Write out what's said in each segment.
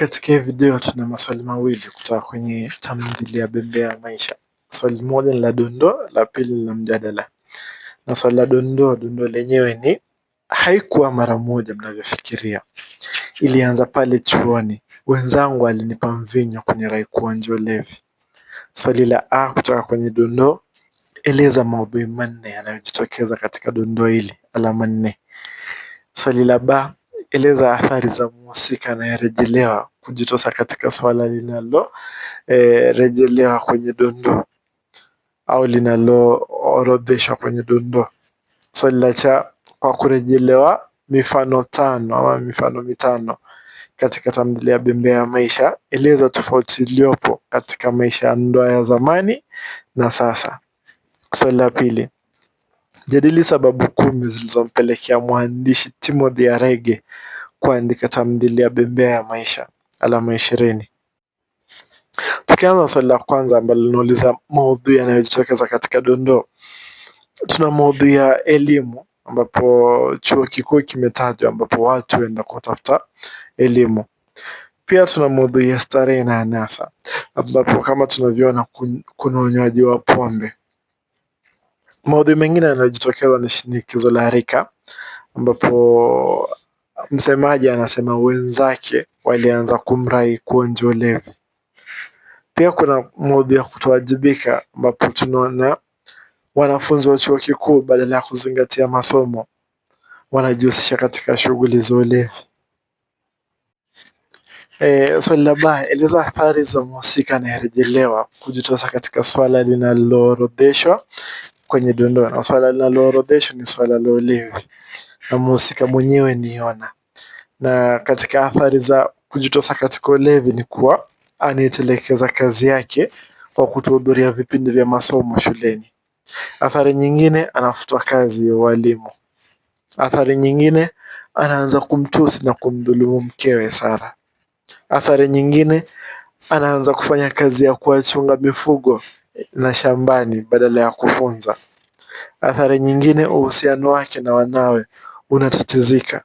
Katika hii video tuna maswali mawili kutoka kwenye tamthili ya Bembea ya Maisha. Swali moja ni la dondoo, la pili ni la mjadala. Na swali la dondoo, dondoo lenyewe ni haikuwa mara moja mnavyofikiria, ilianza pale chuoni, wenzangu alinipa mvinyo kwenye rai kuwa njo levi. Swali la a kutoka kwenye dondoo, eleza maudhui manne yanayojitokeza katika dondoo hili, alama nne. Swali la ba eleza athari za mhusika anayerejelewa kujitosa katika swala linalorejelewa eh, kwenye dondoo au linaloorodheshwa kwenye dondoo. Swali so, la cha kwa kurejelewa mifano tano ama mifano mitano katika tamthilia ya Bembea ya Maisha, eleza tofauti iliyopo katika maisha ya ndoa ya zamani na sasa. Swali so, la pili Jadili sababu kumi zilizompelekea mwandishi Timothy Arege kuandika tamthilia Bembea ya Maisha, alama ishirini. Tukianza na swali la kwanza ambalo linauliza maudhui yanayojitokeza katika dondoo, tuna maudhui ya elimu ambapo chuo kikuu kimetajwa ambapo watu huenda kutafuta elimu. Pia tuna maudhui ya starehe na anasa ambapo kama tunavyoona kuna unywaji wa pombe Maudhui mengine yanayojitokeza ni shinikizo la rika ambapo msemaji anasema wenzake walianza kumrai kuonja ulevi Pia kuna maudhui ya kutowajibika ambapo tunaona wanafunzi wa chuo kikuu badala ya kuzingatia masomo wanajihusisha katika shughuli za ulevi. E, swali la baa, eleza athari za mhusika anayerejelewa kujitosa katika swala linaloorodheshwa kwenye dondoo, na swala linaloorodheshwa ni swala la ulevi, na mhusika mwenyewe ni Yona. Na katika athari za kujitosa katika ulevi ni kuwa anaitelekeza kazi yake kwa kutohudhuria vipindi vya masomo shuleni. Athari nyingine, anafutwa kazi ya ualimu. Athari nyingine, anaanza kumtusi na kumdhulumu mkewe Sara. Athari nyingine, anaanza kufanya kazi ya kuwachunga mifugo na shambani badala ya kufunza. Athari nyingine, uhusiano wake na wanawe unatatizika.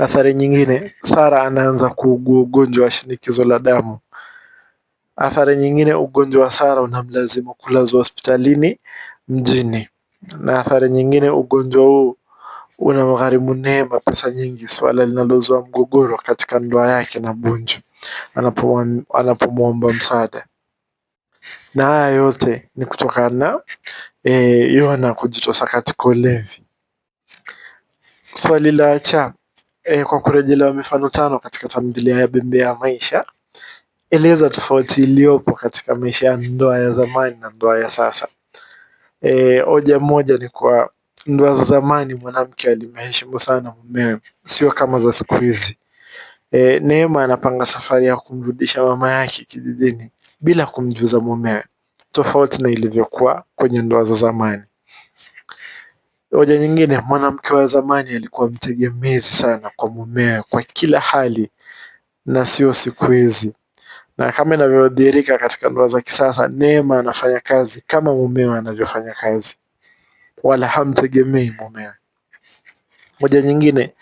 Athari nyingine, Sara anaanza kuugua ugonjwa wa shinikizo la damu. Athari nyingine, ugonjwa wa Sara unamlazimu kulazwa hospitalini mjini. Na athari nyingine, ugonjwa huu unamgharimu Neema pesa nyingi, suala linalozua mgogoro katika ndoa yake na Bunju anapomwomba msaada. Na haya yote ni kutokana eh, Yona kujitosa katika ulevi. Swali la cha e, kwa kurejelewa mifano tano katika tamthilia ya Bembea ya Maisha, eleza tofauti iliyopo katika maisha ya ndoa ya zamani na ndoa ya sasa. E, hoja moja ni kwa ndoa za zamani mwanamke alimheshimu sana mumewe, sio kama za siku hizi. E, Neema anapanga safari ya kumrudisha mama yake kijijini bila kumjuza mumewe, tofauti na ilivyokuwa kwenye ndoa za zamani. Hoja nyingine, mwanamke wa zamani alikuwa mtegemezi sana kwa mumewe kwa kila hali na sio siku hizi, na kama inavyodhihirika katika ndoa za kisasa, Neema anafanya kazi kama mumewe anavyofanya kazi, wala hamtegemei mumewe. Moja nyingine,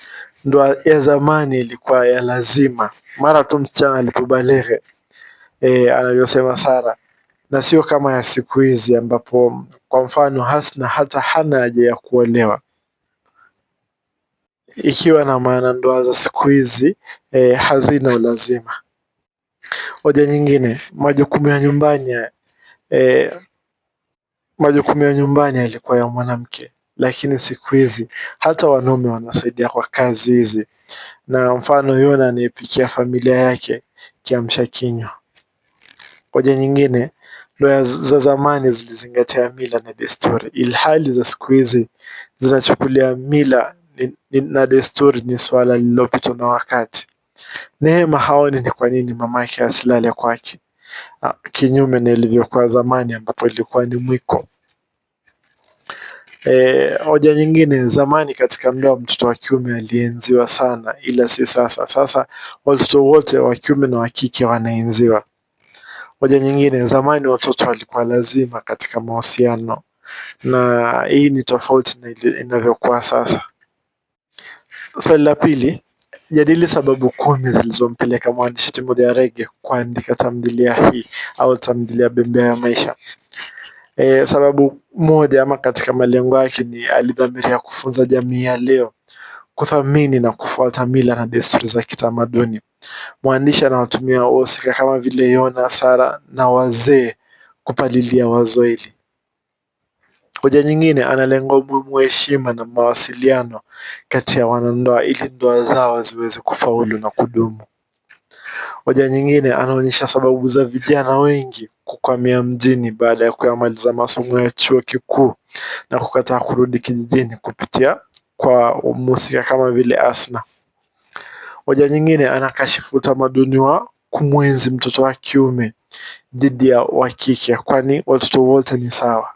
ndoa ya zamani ilikuwa ya lazima. Mara tu msichana alipobaleghe, e, anavyosema Sara, na sio kama ya siku hizi ambapo kwa mfano Hasna hata hana haja ya kuolewa, ikiwa na maana ndoa za siku hizi e, hazina ulazima. Hoja nyingine, majukumu ya nyumbani e, majukumu ya nyumbani yalikuwa ya mwanamke, lakini siku hizi hata wanaume wanasaidia kwa kazi hizi, na mfano Yona anayepikia familia yake kiamsha kinywa. Hoja nyingine, ndoa za zamani zilizingatia mila na desturi, ilhali za siku hizi zinachukulia mila na desturi ni suala lililopitwa na wakati. Neema haoni ni kwa nini mamake asilale kwake, ah, kinyume na ilivyokuwa zamani ambapo ilikuwa ni mwiko. E, hoja nyingine, zamani katika ndoa mtoto wa kiume alienziwa sana, ila si sasa. Sasa watoto wote wa kiume na wa kike wanaenziwa. Hoja nyingine, zamani watoto walikuwa lazima katika mahusiano, na hii ni tofauti na inavyokuwa sasa. Swali la pili, jadili sababu kumi zilizompeleka mwandishi Timothy Arege kuandika tamthilia hii au tamthilia Bembea ya Maisha. E, sababu moja ama katika malengo yake ni alidhamiria kufunza jamii ya leo kuthamini na kufuata mila na desturi za kitamaduni. Mwandishi anawatumia wahusika kama vile Yona, Sara na wazee kupalilia wazoili. Hoja nyingine analenga umuhimu wa heshima na mawasiliano kati ya wanandoa ili ndoa zao ziweze kufaulu na kudumu. Hoja nyingine anaonyesha sababu za vijana wengi kukwamia mjini baada ya kuyamaliza masomo ya chuo kikuu na kukataa kurudi kijijini kupitia kwa mhusika kama vile Asna. Hoja nyingine, anakashifu utamaduni wa kumwenzi mtoto wa kiume dhidi ya wa kike, kwani watoto wote ni sawa.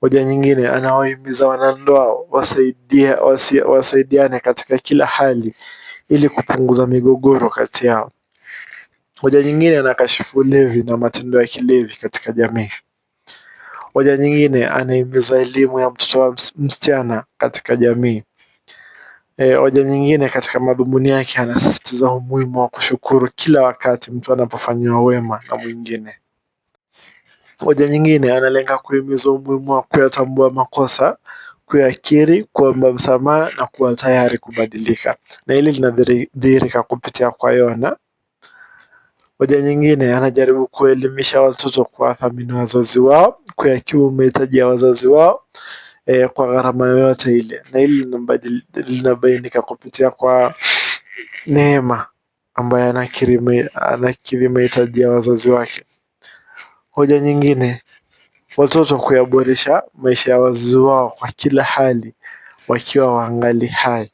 Hoja nyingine, anawahimiza wanandoa wasaidia, wasaidiane katika kila hali ili kupunguza migogoro kati yao. Hoja nyingine, anakashifu ulevi na matendo ya kilevi katika jamii. Hoja nyingine, anahimiza elimu ya mtoto wa msichana katika jamii. E, hoja nyingine katika madhumuni yake anasisitiza umuhimu wa kushukuru kila wakati mtu anapofanyiwa wema na mwingine. Hoja nyingine analenga kuhimiza umuhimu wa kuyatambua makosa, kuyakiri, kuomba msamaha na kuwa tayari kubadilika, na hili linadhihirika kupitia kwa Yona Hoja nyingine anajaribu kuelimisha watoto kuwathamini wazazi wao, kuyakimu mahitaji ya wazazi wao e, kwa gharama yoyote ile, na hili linabainika kupitia kwa Neema ambaye anakiri mahitaji ya wazazi wake. Hoja nyingine, watoto kuyaboresha maisha ya wazazi wao kwa kila hali wakiwa wangali hai.